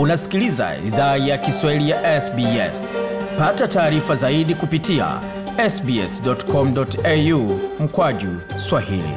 Unasikiliza idhaa ya Kiswahili ya SBS. Pata taarifa zaidi kupitia sbs.com.au mkwaju swahili.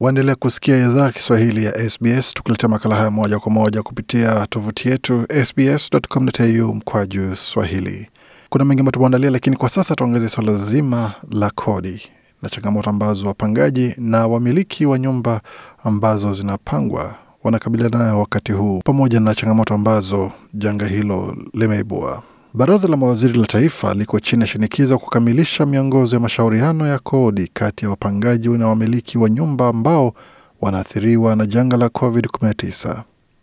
Waendelea kusikia idhaa ya Kiswahili ya SBS, tukiletea makala haya moja kwa moja kupitia tovuti yetu sbs.com.au mkwaju swahili. Kuna mengi ambayo tumeandalia, lakini kwa sasa tuongeze swala zima la kodi na changamoto ambazo wapangaji na wamiliki wa nyumba ambazo zinapangwa wanakabiliana nayo wakati huu pamoja na changamoto ambazo janga hilo limeibua. Baraza la mawaziri la taifa liko chini ya shinikizo kukamilisha miongozo ya mashauriano ya kodi kati ya wapangaji na wamiliki wa nyumba ambao wanaathiriwa na janga la COVID-19.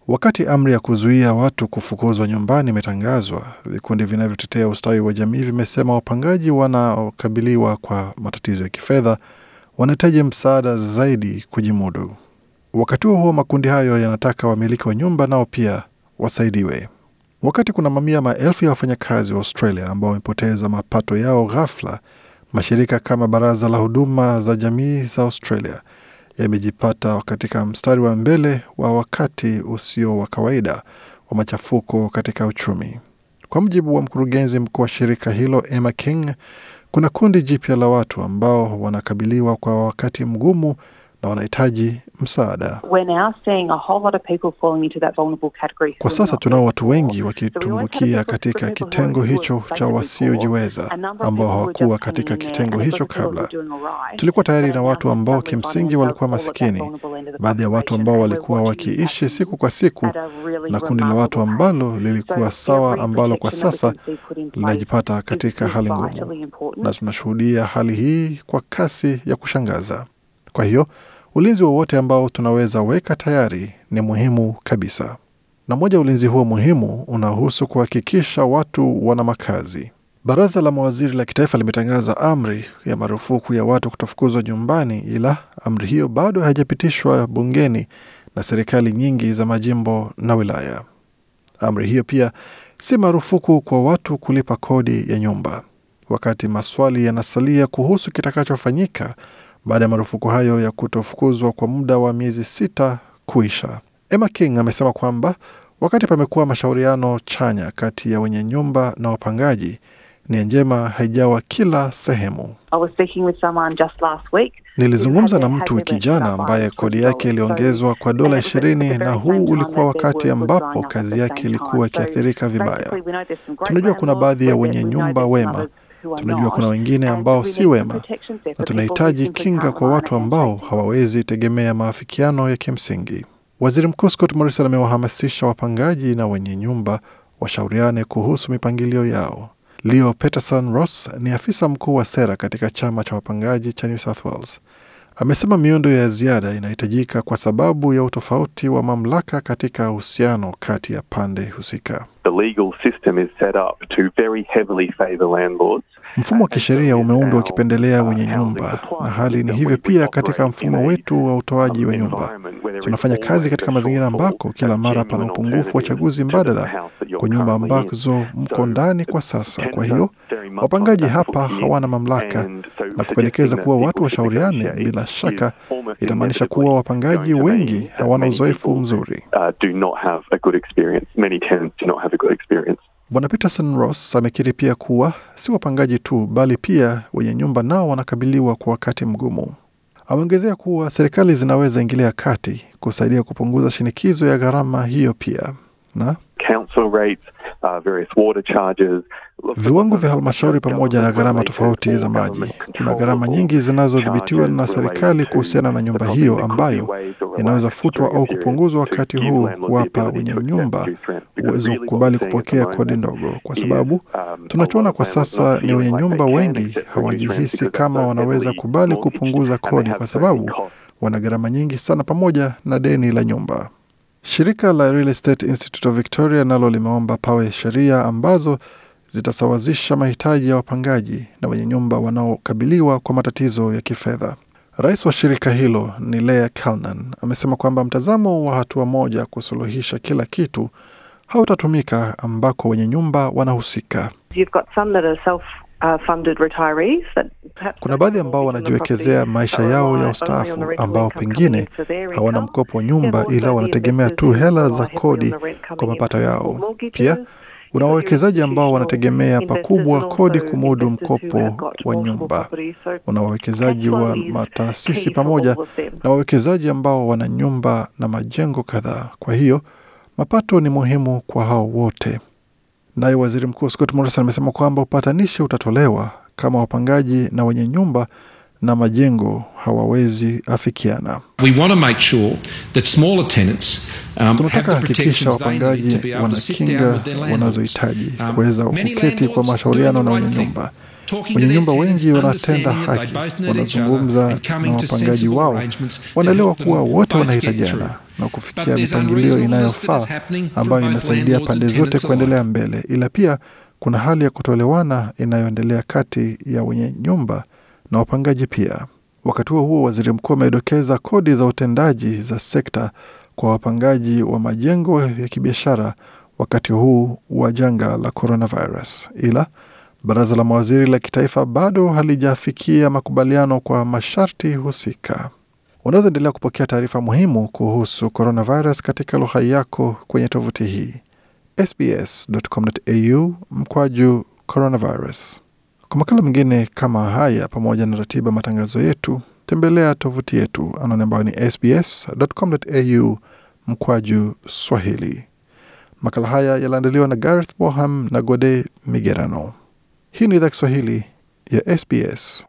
Wakati amri ya kuzuia watu kufukuzwa nyumbani imetangazwa, vikundi vinavyotetea ustawi wa jamii vimesema wapangaji wanaokabiliwa kwa matatizo ya kifedha wanahitaji msaada zaidi kujimudu. Wakati huo huo, makundi hayo yanataka wamiliki wa nyumba nao pia wasaidiwe, wakati kuna mamia maelfu ya wafanyakazi wa Australia ambao wamepoteza mapato yao ghafla. Mashirika kama Baraza la Huduma za Jamii za Australia yamejipata katika mstari wa mbele wa wakati usio wa kawaida wa machafuko katika uchumi. Kwa mujibu wa mkurugenzi mkuu wa shirika hilo Emma King, kuna kundi jipya la watu ambao wanakabiliwa kwa wakati mgumu na wanahitaji msaada. Kwa sasa tunao watu wengi wakitumbukia katika kitengo hicho cha wasiojiweza ambao hawakuwa katika kitengo hicho kabla. Tulikuwa tayari na watu ambao kimsingi walikuwa masikini, baadhi ya watu ambao walikuwa wakiishi siku kwa siku, na kundi la watu ambalo lilikuwa sawa, ambalo kwa sasa linajipata katika hali ngumu, na tunashuhudia hali hii kwa kasi ya kushangaza. Kwa hiyo ulinzi wowote ambao tunaweza weka tayari ni muhimu kabisa, na moja ya ulinzi huo muhimu unahusu kuhakikisha watu wana makazi. Baraza la mawaziri la kitaifa limetangaza amri ya marufuku ya watu kutofukuzwa nyumbani, ila amri hiyo bado haijapitishwa bungeni na serikali nyingi za majimbo na wilaya. Amri hiyo pia si marufuku kwa watu kulipa kodi ya nyumba, wakati maswali yanasalia kuhusu kitakachofanyika baada ya marufuku hayo ya kutofukuzwa kwa muda wa miezi sita kuisha. Emma King amesema kwamba wakati pamekuwa mashauriano chanya kati ya wenye nyumba na wapangaji, nia njema haijawa kila sehemu. Nilizungumza na mtu wiki jana ambaye kodi yake iliongezwa kwa dola ishirini, na huu ulikuwa wakati ambapo kazi yake ilikuwa ikiathirika vibaya. Tunajua kuna baadhi ya wenye nyumba wema Tunajua kuna wengine ambao si wema, na tunahitaji kinga kwa watu ambao hawawezi tegemea maafikiano ya kimsingi. Waziri Mkuu Scott Morrison amewahamasisha wapangaji na wenye nyumba washauriane kuhusu mipangilio yao. Leo Peterson Ross ni afisa mkuu wa sera katika chama cha wapangaji cha New South Wales. Amesema miundo ya ziada inahitajika kwa sababu ya utofauti wa mamlaka katika uhusiano kati ya pande husika. Mfumo wa kisheria umeundwa ukipendelea wenye nyumba, na hali ni hivyo pia katika mfumo wetu wa utoaji wa nyumba. Tunafanya kazi katika mazingira ambako kila mara pana upungufu wa chaguzi mbadala kwa nyumba ambazo mko ndani kwa sasa. Kwa hiyo wapangaji hapa hawana mamlaka, na kupendekeza kuwa watu washauriane, bila shaka itamaanisha kuwa wapangaji wengi hawana uzoefu mzuri. Bwana Peterson Ross amekiri pia kuwa si wapangaji tu bali pia wenye nyumba nao wanakabiliwa kwa wakati mgumu. Ameongezea kuwa serikali zinaweza ingilia kati kusaidia kupunguza shinikizo ya gharama hiyo pia na council rates Uh, viwango vya halmashauri pamoja na gharama tofauti za maji. Kuna gharama nyingi zinazodhibitiwa na serikali kuhusiana na nyumba hiyo ambayo inaweza futwa au kupunguzwa wakati huu, kuwapa wenye nyumba uwezo kukubali kupokea kodi ndogo, kwa sababu um, tunachoona kwa sasa ni wenye nyumba wengi hawajihisi kama wanaweza kubali kupunguza kodi kwa sababu wana gharama nyingi sana pamoja na deni la nyumba. Shirika la Real Estate Institute of Victoria nalo limeomba pawe sheria ambazo zitasawazisha mahitaji ya wapangaji na wenye nyumba wanaokabiliwa kwa matatizo ya kifedha. Rais wa shirika hilo ni lea Calnan amesema kwamba mtazamo wa hatua moja kusuluhisha kila kitu hautatumika ambako wenye nyumba wanahusika. Uh, kuna baadhi ambao wanajiwekezea maisha yao ya ustaafu ambao pengine hawana mkopo wa nyumba, ila wanategemea tu hela za kodi kwa mapato yao. Pia kuna wawekezaji ambao wanategemea pakubwa kodi kumudu mkopo wa nyumba. Kuna wawekezaji wa mataasisi pamoja na wawekezaji ambao wana nyumba na majengo kadhaa. Kwa hiyo mapato ni muhimu kwa hao wote. Naye waziri mkuu Scott Morrison amesema kwamba upatanishi utatolewa kama wapangaji na wenye nyumba na majengo hawawezi afikiana. Um, tunataka hakikisha wapangaji wana kinga wanazohitaji um, kuweza kuketi kwa mashauriano na wenye nyumba wenye nyumba wengi wanatenda haki, wanazungumza na wapangaji wao, wanaelewa kuwa wote wanahitajiana na kufikia mipangilio inayofaa ambayo inasaidia pande zote kuendelea mbele, ila pia kuna hali ya kutoelewana inayoendelea kati ya wenye nyumba na wapangaji pia. Wakati huo huo, waziri mkuu amedokeza kodi za utendaji za sekta kwa wapangaji wa majengo ya kibiashara wakati huu wa janga la coronavirus, ila baraza la mawaziri la kitaifa bado halijafikia makubaliano kwa masharti husika. Unaweza endelea kupokea taarifa muhimu kuhusu coronavirus katika lugha yako kwenye tovuti hii sbs.com.au mkwaju coronavirus. Kwa makala mengine kama haya, pamoja na ratiba matangazo yetu, tembelea tovuti yetu anaone ambayo ni sbs.com.au mkwaju swahili. Makala haya yaliandaliwa na Gareth Boham na Gode Migerano. Hii ni idhaa Kiswahili ya SBS.